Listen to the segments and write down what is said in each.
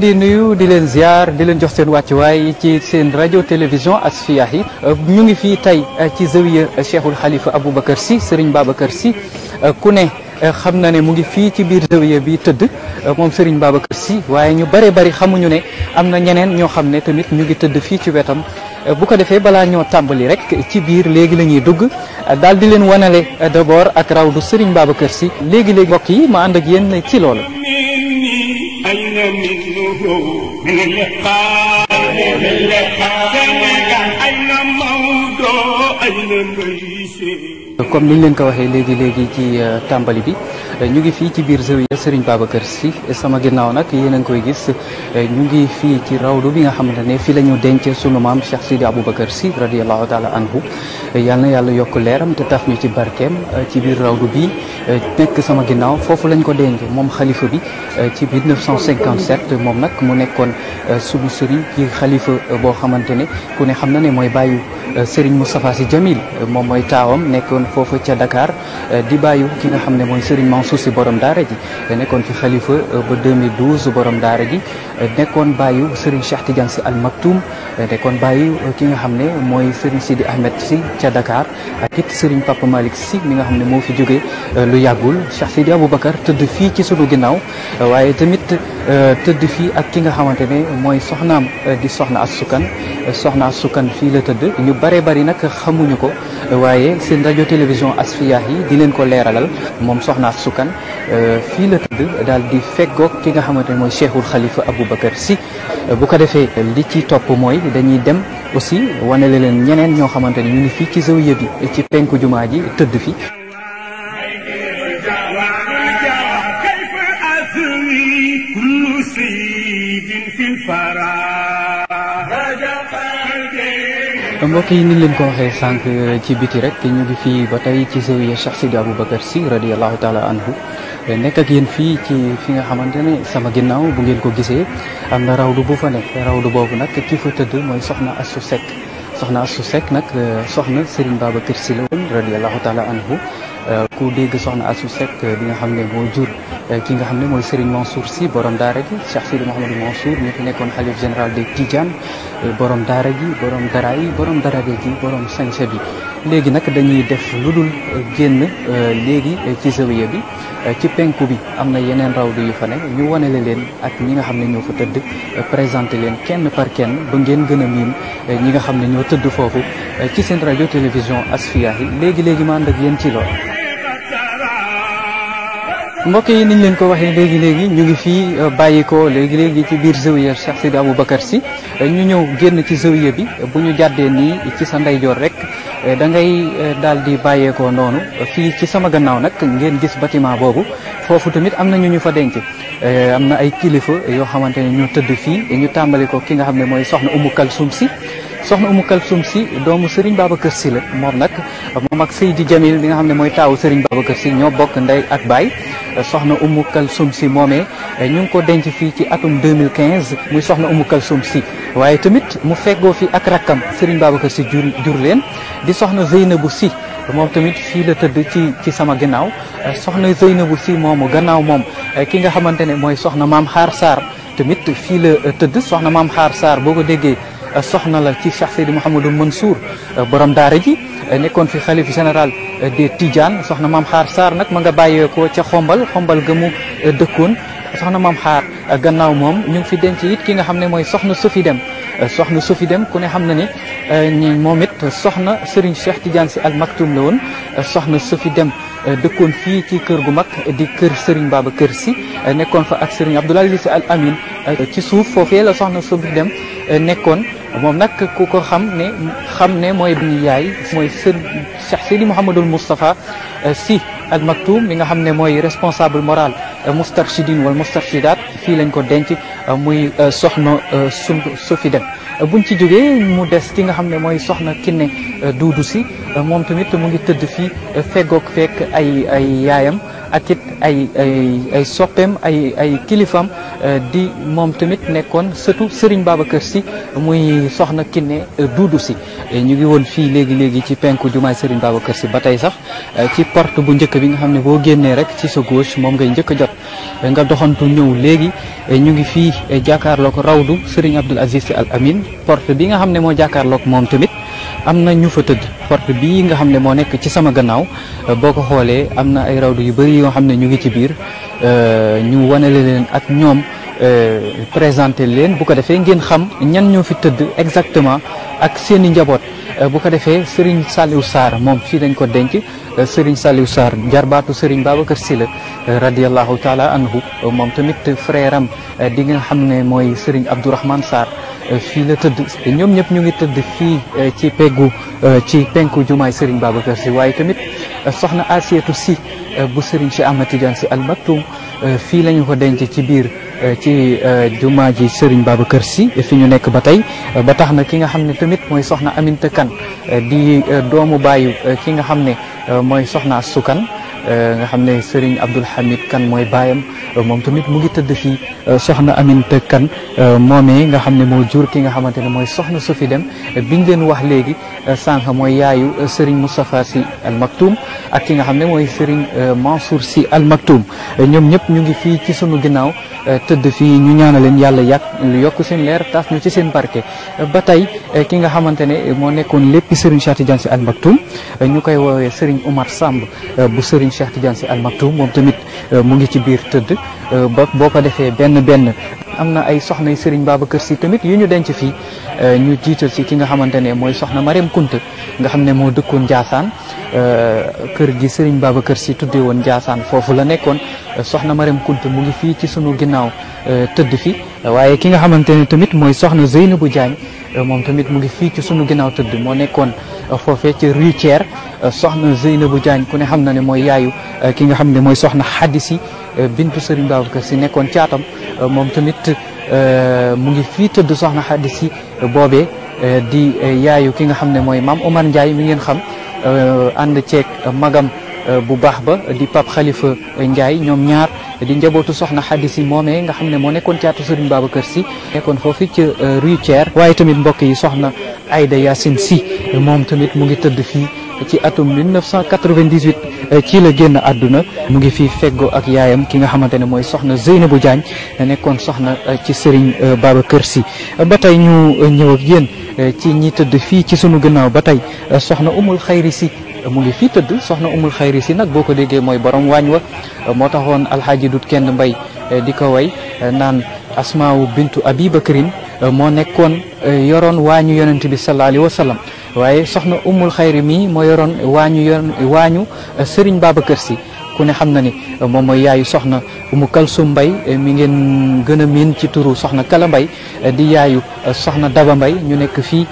di nuyu di leen ziar di leen jox seen wàcc waaye ci seen rajo télévision ak Asfiyahi euh, ñu ngi fii tey euh, ci zawiya euh, Cheikhul Khalifa si Sy Serigne Babacar si ku ne xam na ne mu ngi fii ci biir zawiya bi tëdd moom Serigne Babacar si waaye ñu bare bari xamuñu ne am na ñeneen ñoo xam ne tamit ñu ngi tëdd fii ci wetam bu ko defee balaa ñoo tàmbali rek ci biir léegi la ñuy dugg daal di leen wanale d'abord ak rawdu Serigne Babacar si léegi-léegi mbokk yi ma ak yéen ci loolu أين منه من اللقاء من اللقاء أين موضوع أين ميسي comme ni ñu leen ko waxee léegi léegi ci euh, tàmbali bi euh, ñu ngi fii ci biir zawiya Serigne Babacar Sy sama ginnaaw nag yéen a koy gis euh, ñu ngi fii ci rawdu bi nga xamante ne fii la ñu denc sunu maam Cheikh Sidi Aboubacar Sy radiallahu taala anhu yal na yàlla yokk leeram te tax ñu ci barkeem ci biir rawdu bi nekk sama ginnaaw foofu lañ ko denc moom xalifa bi ci 1957 moom nag mu nekkoon sunu sëriñ ci xalifa boo xamante ne ku ne xam na ne mooy bàyyi Serigne Moustapha Sy Jamil foofa ca Dakar eh, di bàyyu ki nga xam ne mooy Serigne Mansour Sy borom daara ji eh, nekkoon fi xalifa eh, ba 2012 borom daara ji nekkoon bàyyu Serigne Cheikh Tidiane Sy Al Maktoum nekkoon bàyyu ki nga xam ne mooy Serigne Sidi Ahmed si ca Dakar ak it Serigne Papa Malick Sy mi nga xam ne moo fi jóge lu yàggul Cheikh Sidi Aboubacar tëdd fii ci sunu ginnaaw waaye tamit tëdd fii ak ki nga xamante ne mooy soxnaam di soxna as sukan soxna as sukan fii la tëdd ñu bare bari nag xamuñu ko waaye seen rajo télévision yi di len ko leralal mom soxna sukan fi le la dal di feggo ki nga xamante moy Cheikhul Khalifa Aboubacar si bu ko defé li ci top moy dañuy dem aussi wane leen ñeneen ño xamante ñu ni fi ci zawiya bi ci penku jumaaji ji fi mbokk yi ni leen ko waxee sànq ci biti rek ñu ngi fii ba tey ci zawiya Cheikh Sidi Aboubacar Sy radiallahu taala anhu nekk ak yéen fii ci fi nga xamante ne sama ginnaaw bu ngeen ko gisee am na rawdu bu fa nekk rawdu boobu nag ki fa tëdd mooy soxna Astou Seck soxna Astou Seck nag soxna Serigne Babacar Sy la woon radiallahu taala anhu Euh, ku dégg soxna Astou Seck euh, bi nga xam ne moo jur euh, ki nga xam ne mooy Serigne Mansour Sy borom daara gi Cheikh Sidi Mouhamadou Mansour mi fi nekkoon xalif général des Tidiane borom daara gi borom dara yi borom dara daraja gi borom sañse bi léegi nag dañuy def lu dul euh, génn euh, léegi euh, ci zawiya bi ci penku bi am na yeneen rawdu yu fa ne ñu wanale leen ak ñi nga xam ne ñoo fa tëdd présenté leen kenn par kenn ba ngeen gën a miin ñi nga xam ne ñoo tëdd foofu ci seen rajo télévision Asfiyahi léegi léegi ma ànd ak yéen ci lool. mbokk yi niñ leen ko waxee léegi léegi ñu ngi fi bàyyi ko léegi léegi ci biir zawiya Cheikh Sidi Aboubacar si ñu ñëw génn ci zawiya bi bu ñu jàddee nii ci sa ndeyjoor rek Eh, da ngay eh, daal di bàyyeekoo noonu eh, fii ci sama gannaaw nag ngeen gis batiment boobu foofu tamit am na ñu ñu fa denc am na ay kilifa yoo xamante ne ñoo tëdd fii ñu tàmbali ko ki nga xam ne mooy soxna Umu Kalsum si soxna Umu Kalsum si doomu baaba Babacar si la moom nag moom ak di Jamil bi nga xam ne mooy taawu Serigne Babacar si ñoo bokk ndey ak baay soxna Umu Kalsum si moomee ñu ngi ko denc fii ci atum 2015 muy soxna Umu Kalsum si waaye tamit mu feggoo fi ak rakkam Serigne Babacar si jur jur leen di soxna Zeynabu si moom tamit fii la tëdd ci ci sama gannaaw soxna Zeynabu si moomu gannaaw moom ki nga xamante ne mooy soxna maam Xaar Sarr tamit fii la tëdd soxna maam Xaar Sarr boo ko déggee soxna la ci Cheikh seydou mohamedou Mansour borom daara ji nekkon fi khalife général de Tidiane soxna mam khar sar nak ma nga baye ko ci xombal xombal gemu mu soxna mam khar gannaaw mom ñu fi denc it ki nga xamne moy soxna Sofi Dem soxna Sofi Dem ku ne xam na ni momit soxna Serigne Cheikh Tidiane ci Al Maktoum lawon soxna Sofi Dem dekkon fi ci keur gu mak di keur Serigne Baba keur si nekkon fa ak Serigne abdoulaye Aziz Al Amin ci souf fofé la soxna Sofi Dem nekkon mom nak ku ko xam ne xam ne moy bi yaay moy Cheikh Sidi Mouhamadul mustafa si ak Maktoum mi nga xam ne moy responsable moral mustarshidin wal mustarshidat fi lañ ko denc muy soxna sun Sofi Dem buñ ci joge mu dess ki nga xam ne moy soxna Kiné Doudou si mom tamit mu ngi teud fi fegok fek ay ay yaayam ak it ay ay ay soppeem ay ay euh, di moom tamit nekkoon surtout Serigne Babacar si muy soxna Kiné euh, Doudou Sy ñu ngi woon fii léegi léegi ci penku jumaay Serigne Babacar Sy ba tey sax euh, ci porte bu njëkk bi nga xam ne boo génnee rek ci sa gauche moom ngay njëkk a jot nga doxantu ñëw léegi ñu ngi fii jàkkaarloog rawdu Serigne Abdoul Aziz Sy Al Amin porte bi nga xam ne moo jàkkaarloog moom tamit am na ñu fa tëdd porte bii nga xam ne moo nekk ci sama gannaaw euh, boo ko xoolee am na ay rawdu yu bëri yoo xam ne ñu ngi ci biir euh, ñu wanale leen ak ñoom Euh, présenter leen bu ko defee ngeen xam ñan ñoo fi tëdd exactement ak seen i njaboot euh, bu ko defee Serigne Saliou Sarr moom fii dañ ko denc euh, Serigne Saliou Sarr jarbaatu Serigne Babacar Sy la radiallahu taala anhu moom tamit frère am nga xam ne mooy Serigne Abdourahmane Sarr fii la tëdd ñoom ñëpp ñu ngi tëdd fii ci peggu ci penku jumaay Serigne Babacar si waaye tamit soxna Asietu Sy bu Serigne si Ahmed Tidiane Sy Al Maktoum fii lañu ko denc ci biir Eh, ci eh, juma ji serigne babacar si eh, fi ñu nekk ba tey ba tax na ki nga xam tamit mooy soxna aminta kan di doomu bàyyi ki nga xam ne mooy soxna sukan Euh, nga xam ne Serigne Abdoul Hamid kan mooy baayam euh, moom tamit mu ngi tëdd fii euh, soxna Aminta Kane moomee nga xam ne moo jur ki nga xamante ne mooy soxna Sofi Dem biñ leen wax léegi sànq mooy yaayu Serigne Moustapha Sy Al Maktoum ak ki nga xam ne mooy Serigne Mansour Sy Al Maktoum ñoom ñëpp ñu ngi fii ci suñu ginnaaw tëdd fii ñu ñaanal leen yàlla yàq yokk seen leer taas ñu ci seen barke ba tey ki nga xamante ne moo nekkoon lépp Serigne Cheikh Tidiane Sy Al ñu koy woowee Serigne Oumar Samb bu Serigne Serigne Cheikh Tidiane Sy Al Maktoum moom tamit euh, mu ngi ci biir tëdd euh, ba boo ko defee benn benn am na ay soxna Serigne kër si tamit yu ñu denc fii euh, ñu jiital si ki nga xamante ne mooy soxna Mariam Kunta nga xam ne moo dëkkoon Ndiassane euh, kër gi Serigne Babacar Sy tuddee woon Ndiassane foofu la nekkoon euh, soxna Mariam Kunta mu ngi fii ci sunu ginnaaw tëdd fi waaye ki nga xamante ne tamit mooy soxna Zeynabou Diagne moom tamit mu ngi fii ci sunu ginnaaw tëdd moo nekkoon foofee ci Rue Thiers soxna Zeynabou ku ne xam na ne mooy yaayu ki nga xam ne mooy soxna Hadisi bintu Serigne Babacar Sy nekkoon caatam moom tamit it euh, mu ngi fii tëdd soxna Xadi Si boobee euh, di euh, yaayu ki nga xam ne mooy maam Omar Ndiaye mi ngeen xam ànd ceeg magam bu baax ba di Pape xalifa njaay ñoom ñaar di njabootu soxna Xadi Si moomee nga xam ne moo nekkoon caatu Serigne Babacar Si nekkoon foofu ci Rue Thiers waaye tamit mbokk yi soxna Aïda Yacine Si moom tamit mu ngi tëdd fii ci atum 1998 eh, ci la génn àdduna mu ngi fii feggoo ak yaayam ki nga xamante ne mooy soxna Zeynabou Diagne nekkoon soxna eh, ci Serigne kër eh, si ba tey ñu ñëw ak ci ñi tëdd fii ci sunu gannaaw ba tey soxna Umul Xayri Sy mu ngi fii tëdd soxna Umul Xayri Sy nag boo ko déggee mooy borom waañ wa moo taxoon alxaaji dut kenn mbay di ko way naan asmaawu bintu Abi Bakrin Euh, moo nekkoon euh, yoroon waañu yonent bi sallallahu alayhi wa waaye soxna ummul xayri mii moo yoroon waañu yon waañu euh, Serigne Babacar Sy ku ne xam na ni moom mooy yaayu soxna Umu Kalsum Mbay mi ngeen gën a miin ci turu soxna Kala Mbay di yaayu soxna Daba Mbay ñu nekk fii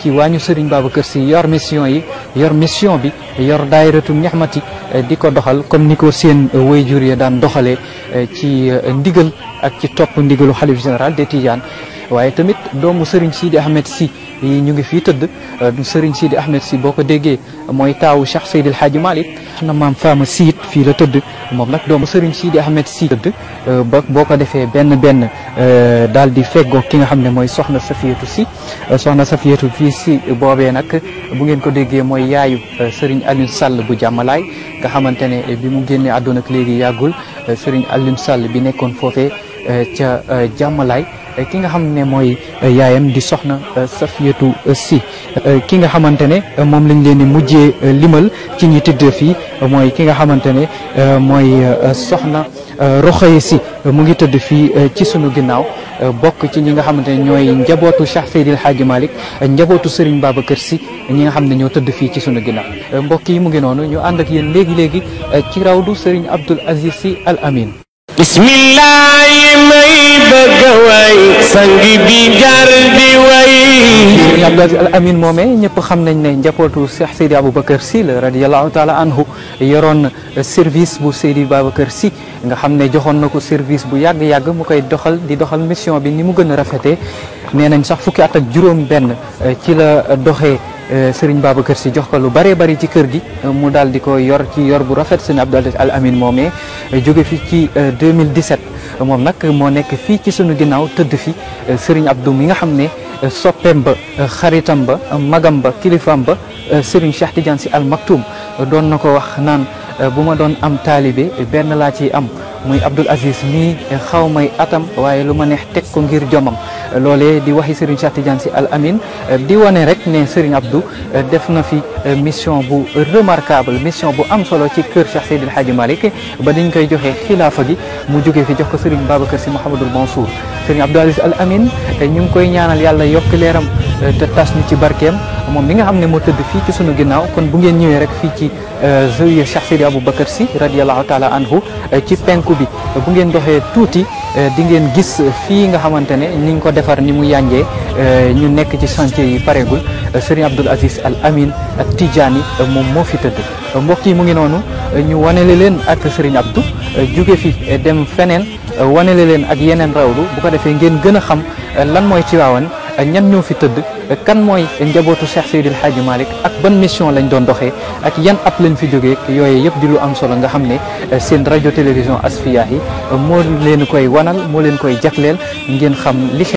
ci waañu Serigne Babacar Sy yor mission yi yor mission bi yor daayiratu ñaxmati di ko doxal comme ni ko seen wayjur ya daan doxalee ci ndigal ak ci topp ndigalu xalif général des Tidianes waaye tamit doomu Serigne Sidi Ahmed si ñu ngi fii tëdd euh, Serigne Sidi Ahmed si boo ko déggee mooy taawu Cheikh Seydil Hadji Malick na maam Fama siit fii la tëdd moom nag doomu Serigne Sidi Ahmed si tëdd euh, ba boo ko defee benn benn euh, daal di feggoo ki nga xam ne mooy soxna Safiyatu si soxna Safiyatu fii si boobee nag bu ngeen ko déggee mooy yaayu Serigne Alioune Sall bu jàmmalaay nga xamante ne bi mu génnee àdduna léegi yàggul Serigne Alioune Sall bi nekkoon foofee E, ca e, jàmmalaay e, ki nga xam ne mooy yaayam di soxna Safiyatu Si ki nga xamante ne moom lañ leen di mujjee limal ci ñi tëddee fii mooy ki nga xamante ne mooy soxna Roxoye Si mu ngi tëdd fii ci sunu ginnaaw bokk ci ñi nga xamante ne ñooy njabootu Cheikh Seydil Hadji Malick njabootu Serigne kër si ñi nga xam ne ñoo tëdd fii ci sunu ginnaaw mbokk yi mu ngi noonu ñu ànd ak yéen léegi léegi ci rawdu Serigne Abdoul Aziz Sy Al Amin बिस्मिल्लाह मई बगवाई संग दी गर दी वई Serigne Abdou Aziz Al Amin moomee ñëpp xam nañ ne njabootu Cheikh Seydi Aboubacar Sy la radiallahu taala anhu yoroon service bu Seydi Babacar si nga xam ne joxoon na ko service bu yàgg-yàgg mu koy doxal di doxal mission bi ni mu gën a rafetee nee nañ sax fukki at ak juróom benn eh, ci la doxee eh, Serigne Babacar si jox ko lu bëree bëri ci kër gi mu daal di ko yor ci yor bu rafet Serigne Abdou Aziz Al Amin moomee eh, jóge fi ci 2017 moom nag moo nekk fii ci sunu ginnaaw tëdd fi Serigne Abdou mi nga xam ne Eh, soppeem ba eh, xaritam ba eh, magam ba kilifaam ba Serigne Cheikh Tidiane Sy Al doon na ko wax naan bu ma doon am taalibe benn laa ciy am muy Abdoul Aziz mii xaw may atam waaye lu ma neex teg ko ngir jomam loolee di waxi Serigne Cheikh Tidiane Sy Al Amin di wane rek ne Serigne Abdou def na fi eh, mission bu remarquable mission bu am solo ci kër Cheikh Seydil Hadji Malick ba dañ koy joxe xilaafa gi mu jógee fi jox ko Serigne Babacar Sy Mouhamadul Mansour Serigne Abdou Aziz Al Amin ñu ngi koy ñaanal yàlla yokk leeram te tas ñu ci barkeem moom mi nga xam ne moo tëdd fii ci sunu ginnaaw kon bu ngeen ñëwee rek fii ci zawiya euh, Cheikh Sidi si Sy radiallahu taala anhu euh, ci penku bi bu ngeen doxee tuuti euh, di ngeen gis fii nga xamante ne niñ ko defar ni mu yànjee ñu nekk ci chantier yi pareegul Serigne Abdoul Aziz Al Amin ak Tidjani moom moo fi tëdd mbokk yi mu ngi noonu ñu wanele leen ak Serigne Abdou jóge fi dem feneen la leen ak yeneen rawlu bu ko defee ngeen gën a xam lan mooy Tiwaawan ak ñan ñoo fi tëdd kan mooy njabootu Cheikh Seydil Hadji Malick ak ban mission lañ doon doxee ak yan at lañ fi jógee yooyu yëpp di lu am solo nga xam ne eh, seen rajo télévision Asfiyahi yi eh, moo leen koy wanal moo leen koy jagleel ngeen xam li